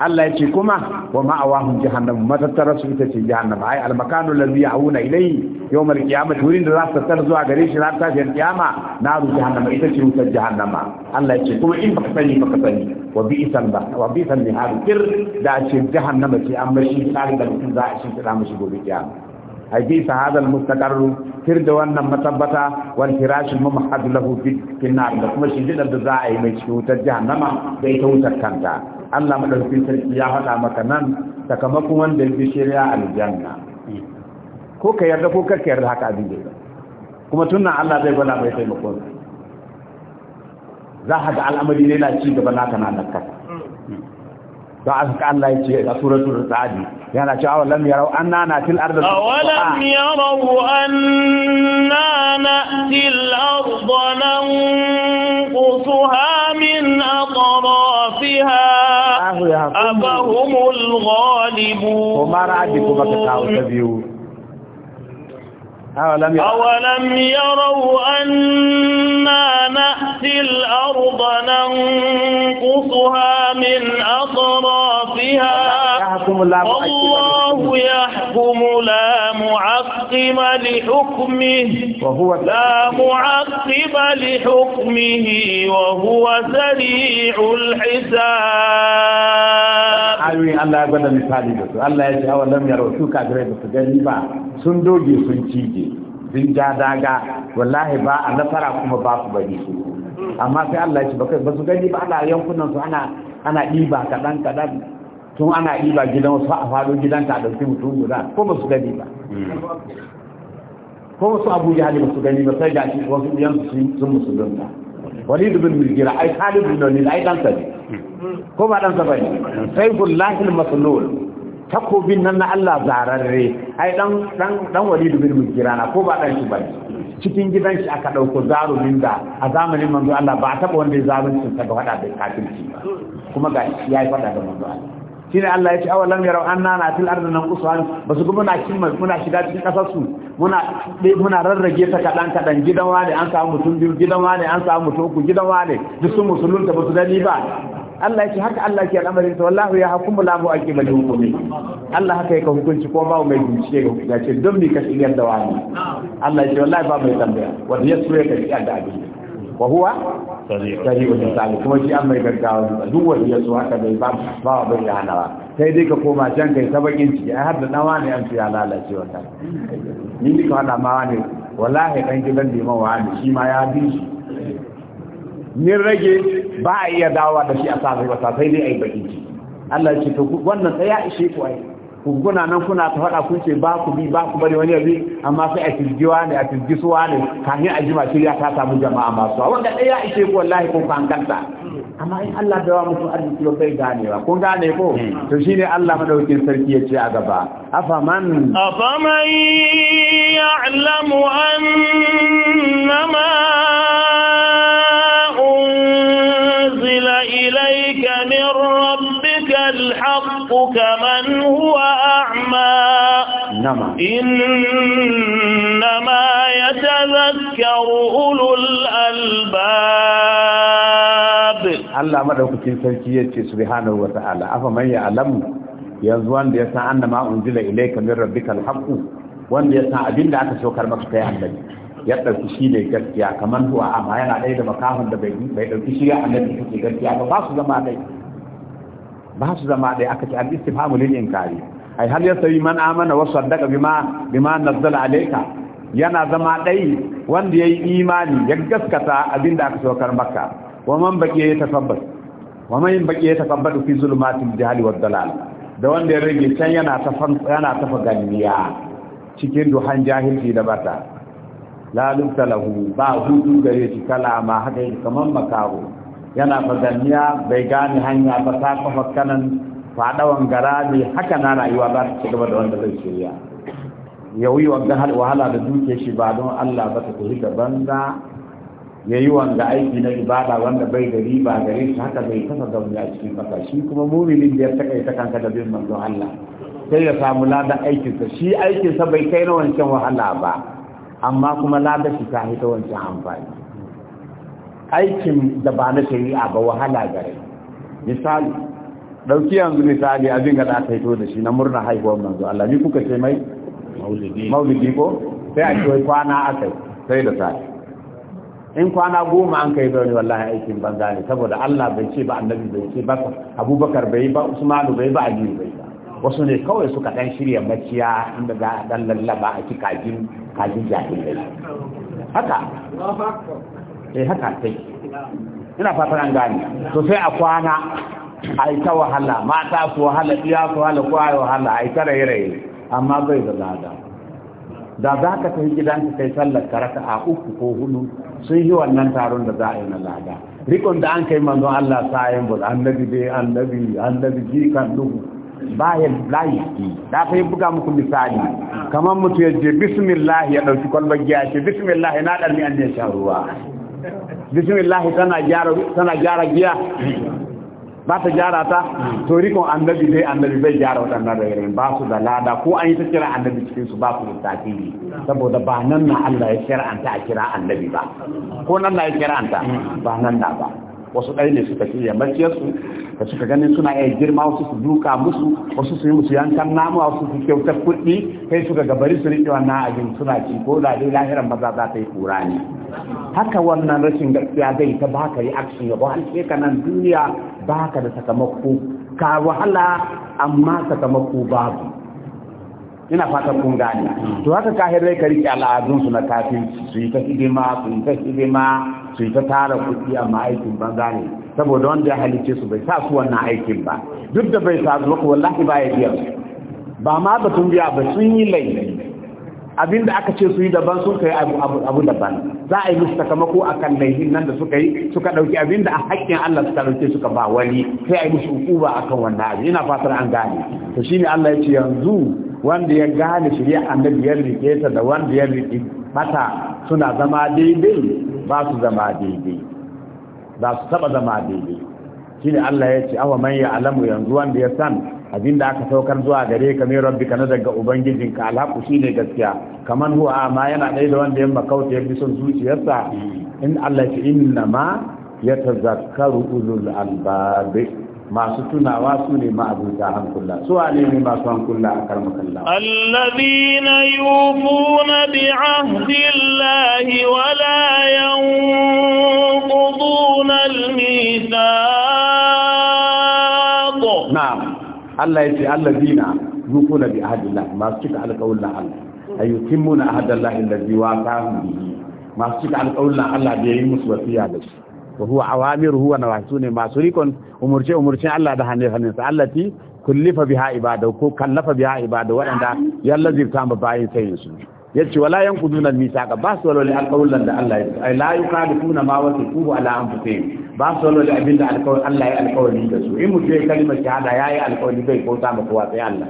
Allah ya ce kuma wa ma'awahum jahannam matattara su ita ce jahannam ai almakanu allazi ya'una ilayhi yawmal qiyamah wurin da za su tattara zuwa gare shi ran tafiyar kiyama naru jahannam ita ce wutar jahannama Allah ya ce kuma in baka sani baka sani wa bi'san ba wa bi'san nihar kir da ce jahannama ce an bar shi tsari da mutum za a shi tsira mishi gobe kiyama ay bi sahadal mustaqarru da wannan matabbata wal firash al mumahhad lahu fi kinar da kuma shi da za a yi mai shi wutar jahannama da ita wutar kanta Allah madaukakin sarki ya faɗa maka nan sakamakon wanda ya bi shari'a aljanna ko ka yarda ko kar ka yarda haka abin da kuma tunan Allah zai gwada mai taimakon za ka ga al'amari ne na ci gaba naka na nakasa don aka Allah ya ce a suratul sa'adi yana cewa awalam yarau anna na til ardi awalam yarau anna na til ardi nanqusuha min atrafiha afahumul ghalibun kuma ra'adi kuma ka kawo ta biyu أولم يروا, أولم يروا أنا نأتي الأرض ننقصها من أطرافها يحكم لا معقم الله يحكم لا معقم لحكمه وهو لا معقب لحكمه وهو سريع الحساب ayoyin Allah ya gwada misali da Allah ya ce hawa lam yaro su kafirai da su sun doge sun cije sun ja daga wallahi ba a nasara kuma ba su bari amma sai Allah ya ce gani ba ana yankunan ana ɗiba kaɗan kaɗan tun ana ɗiba gidan wasu a faɗo gidan ta ɗauki mutum guda ko ba su gani ba ko wasu abu hali ba su gani ba sai da wasu ɗiyan su sun musu musulunta wani dubin milgira ai kalin bin nonil ai ɗansa ne ko ba ɗansa ba ne sai gullahil masulul takobin nan na Allah zararre ai dan dan dan walidu bin na ko ba dan shi ba cikin gidan shi aka dauko zarumin da a zamanin manzo Allah ba a taba wanda ya zalunci ta ba hada da kafirci ba kuma ga ya yi faɗa da manzo Allah shine Allah ya ce awalam yarau anna na fil ardi kusa ba su kuma na muna shiga cikin ƙasarsu, muna muna rarrage ta kadan kadan gidan wani an samu mutum biyu gidan wani an samu mutum uku gidan wani duk sun musulunta ba su dani ba Allah ya ce haka Allah ke al'amarin ta wallahu ya hukumu la mu'aqqiba li hukumi Allah haka ka hukunci ko ba mai bincike ga hukunci ce don mi ka shigar da wani Allah ya ce wallahi ba mai tambaya wanda ya so ya ka shigar da abin wa huwa sari'ul misali kuma shi an mai gaggawa duk wani ya so haka bai ba ba da hanawa sai dai ka koma can kai ta bakin ciki ai har da dawa ne an fiya lalace wata ni ni ka ma wani wallahi dan gidan liman wa ne shi ma ya bi shi ni rage ba a iya dawa da shi a sa sai wata sai dai ai bakin ciki Allah ya ce to wannan sai ya ishe ku ai kuna nan kuna ta faɗa kun ce ba ku bi ba ku bari wani yabi amma sai a tirgiwa ne a tirgisuwa ne kafin a jima shirya ta samu jama'a masu wanda ɗaya ishe ku wallahi kan kanta amma in Allah da wa mutum arziki ba bai ganewa kun gane ko to shine Allah madaukin sarki ya ce a gaba afaman afaman ya'lamu annama كمن هو أعمى نعم إنما يتذكر أولو الألباب الله مدوكتين سلكية سبحانه وتعالى أفمن يعلم yanzu wanda ya san annama unzila ilayka min rabbikal haqq wanda ya san abinda aka saukar maka kai ya dauki shi ne gaskiya kamar du'a amma yana ɗaya da makahon da bai ɗauki dauki shi annabi take gaskiya ba su zama dai ba su zama ɗaya aka ce al-istifhamu lil inkari ai ya sai man amana wa saddaqa bima bima nazzala alayka yana zama ɗai wanda yayi imani ya gaskata abinda aka saukar maka wa man baqiya ya tafabbat wa man baqiya ya tafabbat fi zulumatil jahli wad dalal da wanda ya rage can yana tafan yana tafa ganiya cikin duhan jahilci da bata la lahu ba hudu gare shi kalama haka yake kaman makaho yana faganniya bai gane hanya ba ta kafa kanan faɗawan gara ne haka na rayuwa za ta ci gaba da wanda zai shirya ya yi wanga wahala da duke shi ba don Allah ba ta tafi da banza ya yi wanga aiki na ibada wanda bai da riba gare shi haka bai tafa zaune a cikin kasa shi kuma muminin da ya kai ta kanka da bin manzon Allah sai ya samu ladan aikinsa shi aikinsa bai kai na wancan wahala ba amma kuma ladan shi ta hita wancan amfani aikin da ba na shari'a ba wahala gare misali ɗauki yanzu misali abin ga da aka da shi na murna haihuwar manzo Allah ni kuka ce mai maulidi ko sai a ce kwana akai sai da sai in kwana goma an kai zaune wallahi aikin banza ne saboda Allah bai ce ba annabi bai ce ba abubakar bai ba usmanu bai ba aliyu bai ba wasu ne kawai suka dan shirya maciya inda za a dan lallaba a ci kajin kajin jahilai haka eh haka sai ina fatan an gane to sai a kwana a ta wahala mata su wahala iya ku wahala ko ai wahala a yi ta raye-raye amma bai da lada da za ka gidan ka kai sallar karaka a uku ko hudu sun yi wannan taron da za a yi na lada rikon da an kai manzon Allah yin bul annabi dai annabi annabi kan duhu bayan layi da fa buga muku misali kamar mutu ya je bismillah ya dauki kwalbar giya ce bismillah na dalmi an ne sha ruwa bismillah tana gyara gyara giya ba ta gyara ta to rikon annabi dai annabi bai gyara waɗannan rairayin ba su da lada ko an yi ta kira annabi cikin su ba su da tasiri saboda ba nan na Allah ya kira anta a kira annabi ba ko nan na ya kira anta ba nan na ba wasu ɗaya ne suka shirya maciyarsu da suka ganin suna iya girma wasu su duka musu wasu su yi musu yankan a wasu su kyautar kuɗi kai suka gabari su riƙe wannan abin suna ci ko da dai lahiran maza za ta yi kura ne haka wannan rashin gaskiya zai ta baka yi action ya wahalce ka nan duniya baka da sakamako ka wahala amma sakamako babu ina fatan kun gane to haka kahirai ka rike al'adunsu na kafin su yi ta hidima su yi ta hidima su yi ta tara kuɗi amma aikin banza ne saboda wanda ya halice su bai sa su wannan aikin ba duk da bai sa zuwa kuwa wallahi ba ya biya ba ma batun biya ba sun yi laifi abinda aka ce su yi daban sun kai abu daban za a yi musu sakamako a kan laifin nan da suka yi suka ɗauki abinda a haƙƙin Allah suka ɗauke suka ba wani sai a yi musu hukuba a kan wannan abu ina fatar an gane to shine Allah ya ce yanzu wanda ya gane shirya annabi ya rike ta da wanda ya riƙe Mata suna zama daidai ba su zama daidai ba su taba zama daidai shi ne Allah ya ce awa manya alamu yanzu wanda ya san abin da aka saukar zuwa gare ka mai ka na daga ubangijinka shi ne gaskiya kaman huwa amma yana dai da wanda ya makauta ya fi son zuciyarsa in Allah ya ce inna ma ya Zakaru ulul albab masu tunawa su ne ma'abuta hankula su ne ne masu hankula a karmakalla allazina na bi ahdillahi wala la yanquduna al ko na Allah ya ce yace allazina na bi ahdillahi masu cika alƙawarin Allah a yi ayyukimmuna ahdallahi da biwa waqa'a bihi masu cika alƙawarin Allah da ya yi musu wasu da shi wa huwa na wasu nawahisu ne masu rikon umurce umurcin Allah da hannun hannun sa ti kullifa biha ibada ko kallafa biha ibada waɗanda ya ta ba bayin sayin su yace wala yanquduna al ba su walwali alqawlan da Allah ya ai la yuqaduna ma tuqu ala anfusihim ba su da abinda alqawl Allah ya alqawli da su in mutum ya kalmar shahada yayi alqawli bai ta ba kowa sai Allah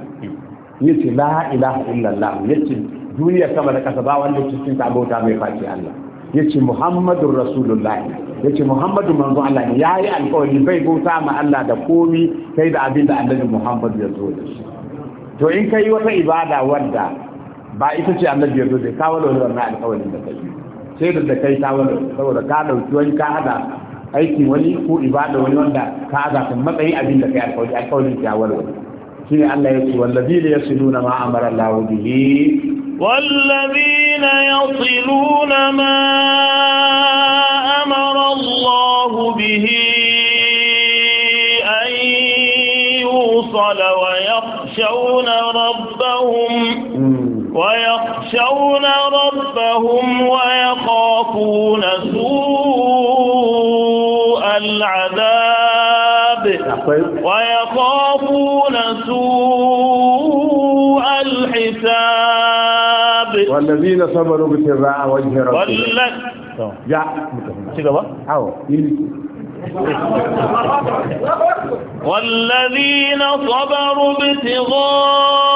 yace la ilaha illallah yace duniya kama da kasa ba wanda cikin ta bauta mai faɗi Allah yace muhammadur rasulullahi yace muhammadu manzo Allah ne yi alƙawari bai bauta ma Allah da komi sai da abin da annabi muhammad ya zo da shi to in ka yi wata ibada wanda ba ita ce annabi ya zo da ka wala wannan alƙawarin da kai sai da da kai ta wala saboda ka dauki wani ka hada aiki wani ko ibada wani wanda ka hada kan matsayi abin da kai alƙawari alƙawarin ya wala shine Allah ya ce wallazina yasluna ma amara Allah bihi والذين يصلون ما أمر الله به أن يوصل ويخشون ربهم ويخشون ربهم ويخافون سوء العذاب ويخافون سوء والذين صبروا بتباع وجه ربهم والذين جاء شكرا إيه؟ والذين صبروا ابتغاء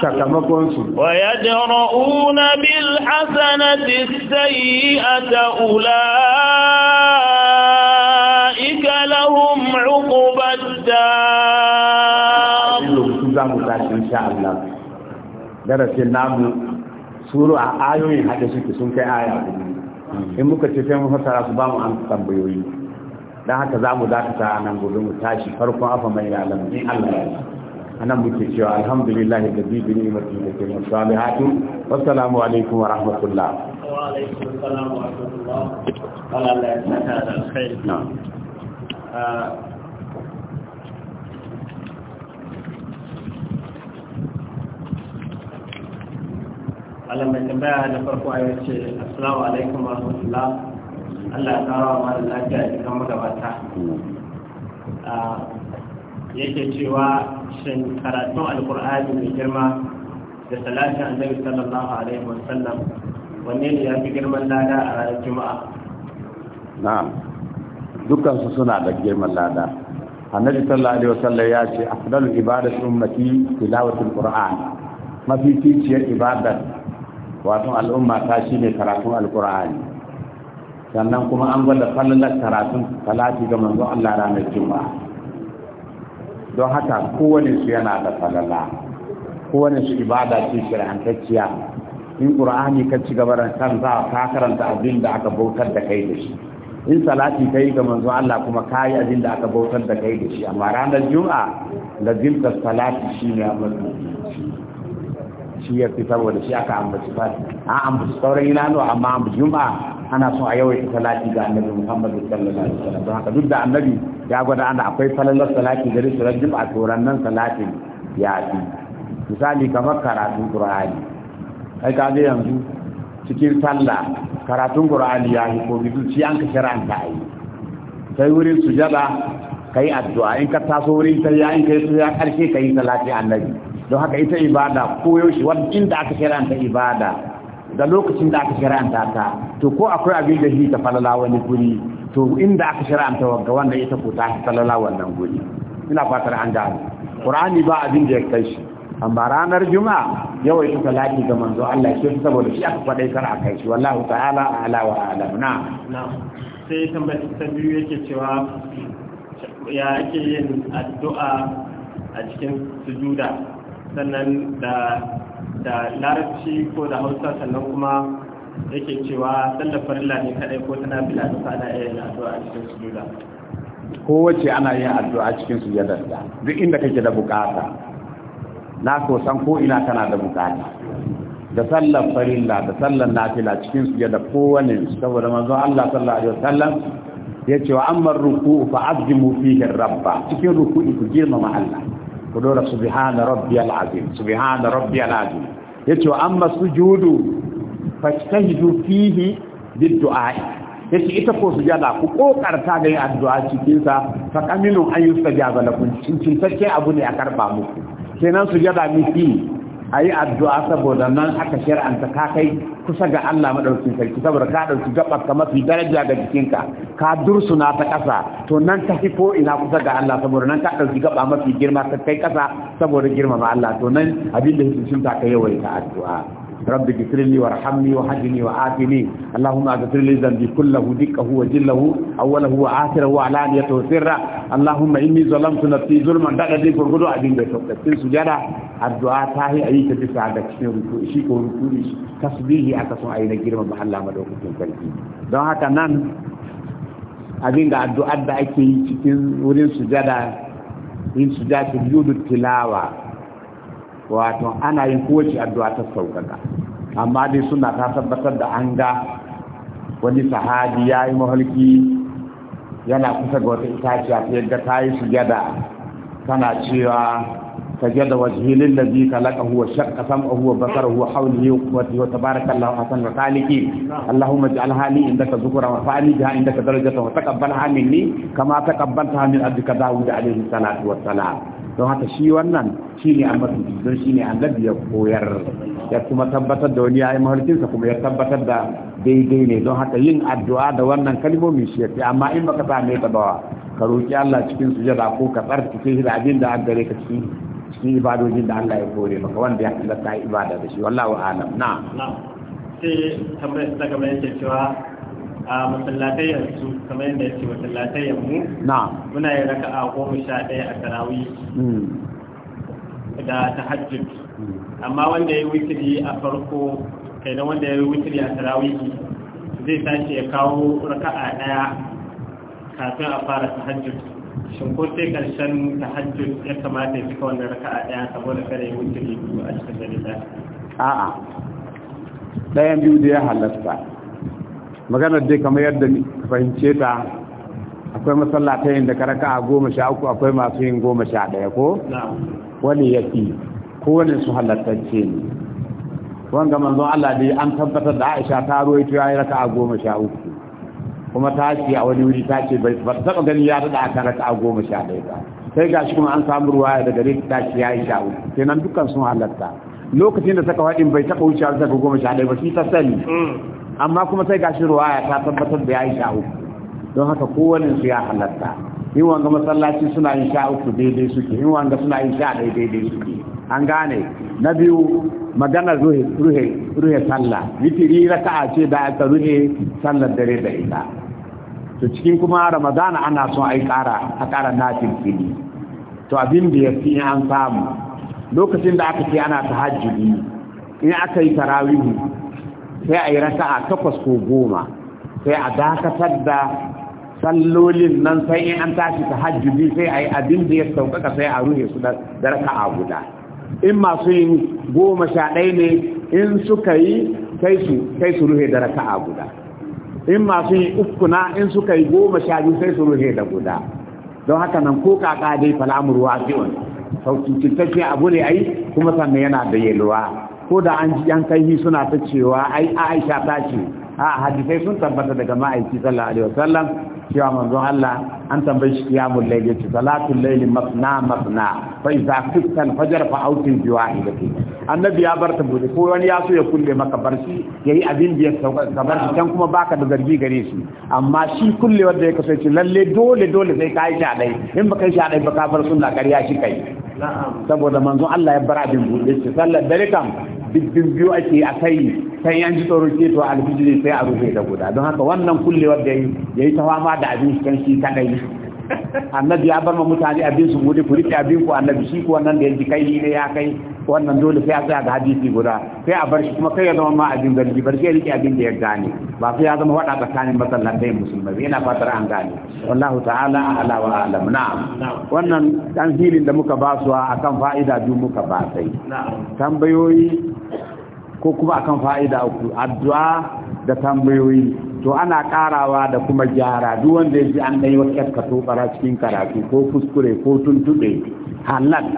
sakamakonsu wa yajra'una bil hasanati sayyi'ata ulaika lahum 'uqbad dar zamu tashi insha Allah darasin namu suru a ayoyin hada suke sun kai aya in muka sai mun fasara su bamu an tambayoyi dan haka zamu dakata nan gobe mu tashi farkon afa mai in Allah ya anan muke cewa alhamdulillah da bi bi ni'mati da ke musalihatu wassalamu alaikum wa rahmatullah wa alaikum assalam wa rahmatullah Allah ya saka da alkhair na ah, Allah mai tambaya da farko a yace assalamu alaikum wa rahmatullah Allah ya tsara wa mara lafiya da kan magabata ah, yake cewa shin karatun alkur'ani mai girma da salatin annabi sallallahu alaihi wa sallam wanne ne ya fi girman lada a ranar juma'a na'am dukkansu suna da girman lada annabi sallallahu alaihi wa sallam ya ce afdalul ibadatu ummati tilawatul qur'an mafi ficiyar ibadar wato al'umma ta shine karatun alkur'ani sannan kuma an gwada falalar karatun talati ga manzo Allah ranar juma'a don haka kowane su yana da falala kowane su ibada ce shirantacciya in ƙur'ani ka ci gaba da za ka karanta abin da aka bautar da kai da shi in salati ka yi ga manzon Allah kuma ka yi abin da aka bautar da kai da shi amma ranar juma'a lazimta salati shi ne a shi ya fi saboda shi aka ambaci fati an ambaci sauran ilanuwa amma juma'a ana son a yawaita salati ga annabi muhammadu sallallahu alaihi wasallam don haka duk da annabi ya gwada ana akwai falalar salati da su juma'a a turan nan salatin ya fi misali kamar karatun qur'ani kai ka ga yanzu cikin sallah karatun qur'ani ya yi ko bidu ci an ka ta ai sai wurin sujada kai addu'a in ka taso wurin ya in kai sujada karshe kai salati annabi don haka ita ibada koyaushe wanda inda aka ta ibada da lokacin da aka shari'anta ta to ko akwai abin da shi ta falala wani guri to inda aka shari'anta ga wanda ita ko ta falala wannan guri ina fatar an gane qur'ani ba abin da ya kai shi amma ranar juma'a yawai ta laki ga manzo Allah shi saboda shi aka kwadai kar a kai shi wallahu ta'ala ala wa alam na sai tambayar ta biyu yake cewa ya ake yin addu'a a cikin sujuda sannan da da larabci ko da hausa sannan kuma yake cewa sallar farilla ne kadai ko tana fila da fada iya yin addu'a a cikin sujuda kowace ana yin addu'a cikin sujudar duk inda kake da bukata na so san ko ina kana da bukata da sallar farilla da sallar nafila cikin da kowane saboda manzo Allah sallallahu alaihi wasallam ya ce wa amma ruku fa azimu fihi rabba cikin ruku ku girmama Allah ku dora subhana rabbiyal azim subhana rabbiyal azim yace amma sujudu fastahdu fihi biddu'a yace ita ko sujada ku kokarta ga addu'a cikin sa fa kaminu ayyustajaba lakum cincin abu ne a karba muku kenan sujada miki a yi addu'a saboda nan aka shari'anta ka kai kusa ga Allah maɗaukin sarki saboda ka ɗauki gabar ka mafi daraja ga jikinka ka dursuna ta ƙasa to nan ta fi ko ina kusa ga Allah saboda nan ka ɗauki gaba mafi girma ta kai ƙasa saboda girmama Allah to nan abin da hikincin ta ka yawaita addu'a رب اغفر لي وارحمني وهدني وعافني اللهم اغفر لي ذنبي كله دقه وجله اوله واخره وعلانيته وسره اللهم اني ظلمت نفسي ظلما دقدي فرغدو ابين بيتو cikin sujada addu'a ta yi ayi ta bisa da cikin shi ko ruku shi tasbihi aka son ayi na girma ba Allah don haka nan abin da addu'ar da ake yi cikin wurin sujada yin tilawa wato ana yin kowace addu'a ta saukaka amma dai suna ta tabbatar da an ga wani sahabi ya yi mahalki yana kusa ga wata itaciya ta yadda ta yi sujada tana cewa sajada wajhilin da bi kalaka huwa shakka sam'a huwa basara huwa yi hawlihi wa quwwati wa tabarakallahu hasan wa khaliqi allahumma ij'al hali indaka dhukra wa fa'ali biha indaka darajatan wa taqabbalha minni kama taqabbaltaha min abdika daud alayhi salatu wa salam don haka shi wannan shi ne an mafi don shi ne annabi ya koyar ya kuma tabbatar da wani ya yayi mahalkinsa kuma ya tabbatar da daidai ne don haka yin addu'a da wannan kalmomin shi yafi amma in baka same ta ba ka roki Allah cikin sujada ko ka tsarkake shi da abin da an gare ka cikin cikin ibadojin da Allah ya kore maka wanda ya halatta ibada da shi wallahu a'lam na sai tambayar ta gaba yake cewa a masallatai yanzu kamar yadda ya ce masallatai yanzu muna yin raka a goma sha ɗaya a tarawi hmm. da ta hajji. Hmm. amma wanda ya yi wikiri a farko kai wanda ya yi wikiri a tarawi zai tashi ya kawo raka a ɗaya kafin a fara ta hajji. shin ko sai ta tahajjud ya kamata ya cika wannan raka a ɗaya saboda kare ya wikiri biyu a cikin dalila a'a ɗayan biyu da ya halasta maganar dai kamar yadda fahimce ta akwai masallata yin da karaka a goma sha uku akwai masu yin goma sha ɗaya ko wani ya fi kowane su halattacce ne wanda manzon Allah dai an tabbatar da Aisha ta ruwaito ya yi raka a goma sha uku kuma ta ce a wani wuri ta ce ba ta taɓa gani ya daɗa aka raka a goma sha ɗaya ba sai ga shi kuma an samu ruwa da gare ta ce ya yi sha uku kenan dukkan sun halatta lokacin da saka faɗin bai taɓa wuce a saka goma sha ɗaya ba shi ta sani mm. amma kuma sai gashi ruwaya ta tabbatar da yayi sha don haka kowanne su ya halatta in wanga masallaci suna yin sha uku daidai suke in wanga suna yin sha ɗaya daidai suke an gane na biyu magana ruhe ruhe ruhe sallah witiri raka'a ce da aka ruhe sallar dare da ita to cikin kuma ramadana ana son ai kara a kara nafil fili to abin da ya fi an samu lokacin da aka ce ana tahajjudi in aka yi tarawihi sai a yi raka'a takwas ko goma sai a dakatar da sallolin nan sai in an tashi ta hajjubi sai a yi abin da ya sauƙaƙa sai a ruhe su da raka'a guda in masu yin goma sha ɗaya ne in suka yi sai su ruhe da raka'a guda in masu yi uku na in suka yi goma sha biyu sai su ruhe da guda don haka nan ko kaka dai fal'amur wasi'un sauki cikakke abu ne yi kuma sannan yana da yalwa ko da an ji yan kai suna ta cewa ai Aisha ta ce a hadisai sun tabbata daga ma'aiki sallallahu alaihi wasallam cewa manzon Allah an tambaye shi qiyamul layl ce salatul layl masna masna fa idza qista al fa awtin bi wahidati annabi ya barta bude ko wani ya so ya kulle maka barci yayi abin da ya sauka barci dan kuma baka da zargi gare shi amma shi kulle wanda ya kasance lalle dole dole sai kai yi shaɗai. dai in baka yi shaɗai dai baka bar sunna kariya shi kai saboda manzon Allah ya bar abin buɗe shi sallar dare kam bibbin biyu ake a kai sai yan ji tsoro ce to alfijiri sai a rufe da guda don haka wannan kullewar da yayi ta fama da abin shi shi kadai annabi ya bar ma mutane abin su buɗe ku rike abin ku annabi shi ku wannan da ya ji kai ne ya kai wannan dole sai a tsaya ga hadisi guda sai a bar shi kuma kai ya zama ma abin zargi bar sai rike abin da ya gane ba sai ya zama wada tsakanin masallatai musulmai yana fatar an gane wallahu ta'ala ala wa alam na'am wannan dan filin da muka ba su akan fa'ida du muka ba sai tambayoyi ko kuma akan fa'ida uku addu'a da tambayoyi to ana karawa da kuma gyara duk wanda ji an dai wata kato bara cikin karatu ko kuskure ko tuntube halal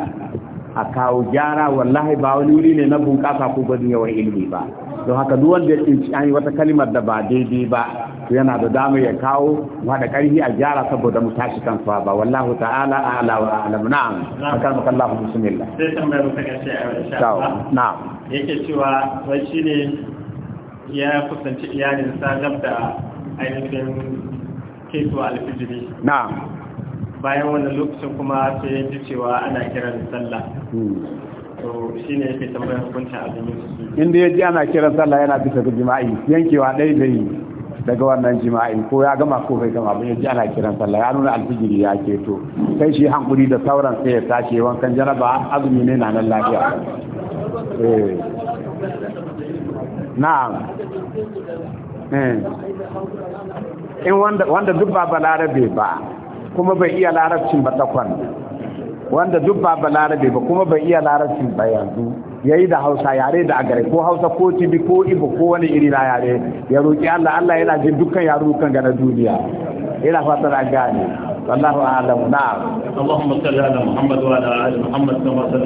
a kawo gyara wallahi ba wani wuri ne na bunƙasa ko gwajin yawan ilimi ba don haka duk wanda ya tsinci an yi wata kalimar da ba daidai ba to yana da dama ya kawo mu haɗa ƙarfi a gyara saboda mu tashi kan fa ba wallahu ta'ala a'la wa a'lam na'am akan maka Allah bismillah sai tambayar ta kace insha Allah na'am yake cewa wai shine ya kusanci sa gab da ainihin keto alfijiri na'am bayan wani lokacin kuma sai ya ji cewa ana kiran sallah hmm. to shi ne yake tambayar hukuncin azumin su inda ya ji ana kiran sallah yana bisa ga jima'i yankewa ɗaya da yi daga wannan jima'i ko ya gama ko bai gama ba ya ji ana kiran sallah ya nuna alfijiri ya ke to sai shi hankuri da sauran sai ya tashi wankan jaraba azumi ne na nan lafiya eh. na'am eh. in wanda duk ba balarabe ba kuma bai iya larabcin ba takwan wanda duk ba larabe ba kuma bai iya larabcin ba yanzu yayi da hausa yare da agare ko hausa ko tibi ko ibo ko wani iri na yare ya roƙi allah allah yana jin dukkan yaro kan gana duniya ina fatar an gane wallahu a'lamu na'am allahumma salli ala muhammad wa ala ali muhammad kama